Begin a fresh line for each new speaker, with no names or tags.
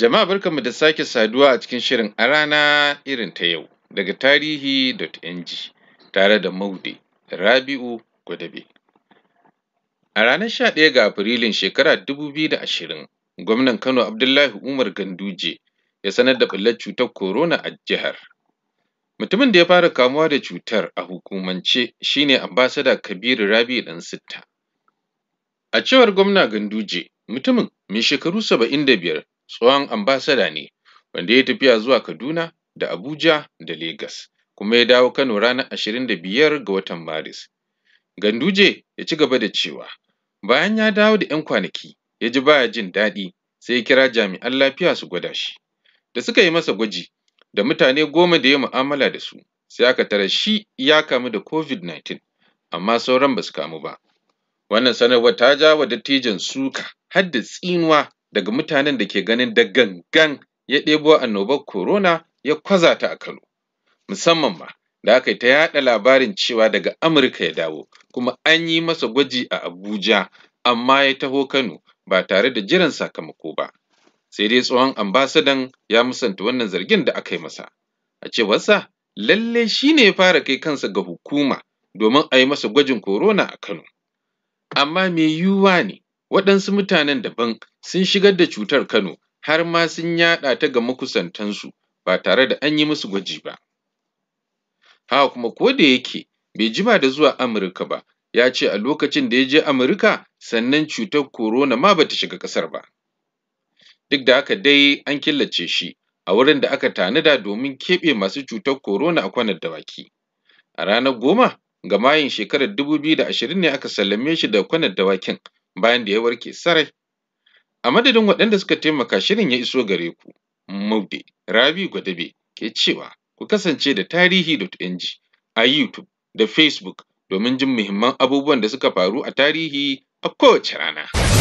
Jama'a barkanmu da sake saduwa a cikin shirin a rana irin ta yau daga tarihi.ng tare da Maude Rabi'u Gwadabe. A ranar 11 ga Afrilun shekara 2020, gwamnan Kano Abdullahi Umar Ganduje ya sanar da ɓullar cutar corona a jihar. Mutumin da ya fara kamuwa da cutar a hukumance shine Ambassador Kabiru Rabi Rabi'u sitta A cewar gwamna Ganduje, mutumin mai shekaru saba'in da biyar. tsohon ambasada ne wanda ya yi tafiya zuwa Kaduna da Abuja da Legas kuma ya dawo Kano ranar ashirin da biyar ga watan Maris. Ganduje ya ci gaba da cewa bayan ya dawo da ‘yan kwanaki ya ji baya jin daɗi sai ya kira jami'an lafiya su gwada shi. Da suka yi masa gwaji da mutane goma da ya mu'amala da su sai aka tara shi ya kamu da COVID-19 amma sauran ba su kamu ba. Wannan sanarwar ta ja wa dattijan suka har da tsinuwa daga mutanen da ke ganin da gangan ya ɗebo annobar korona ya kwaza ta a Kano. Musamman ma da aka yi ta yaɗa labarin cewa daga Amurka ya dawo, kuma an yi masa gwaji a Abuja, amma ya taho Kano ba tare da jiran sakamako ba. Sai dai tsohon ambasadan ya musanta wannan zargin da aka yi masa. A cewarsa, lalle shi ne ya fara kai kansa ga hukuma domin a yi masa gwajin korona a Kano. Amma me yiwuwa ne Waɗansu mutanen daban sun shigar da cutar Kano har ma sun yaɗa ta ga makusantansu ba tare da an yi musu gwaji ba. Haka kuma da yake bai jima da zuwa Amurka ba, ya ce a lokacin da ya je Amurka sannan cutar korona ma bata shiga ƙasar ba. Duk da haka dai an killace shi a wurin da aka tanada domin keɓe masu cutar korona a kwanar Dawaki. A ranar goma ga mayin shekarar dubu biyu da ashirin ne aka sallame shi da kwanar Dawakin bayan da ya warke sarai. A madadin waɗanda suka taimaka shirin ya iso gare ku, Maude Rabi Gwadabe ke cewa ku kasance da tarihi tarihi.ng a YouTube da Facebook domin jin muhimman abubuwan da suka faru a tarihi a kowace rana.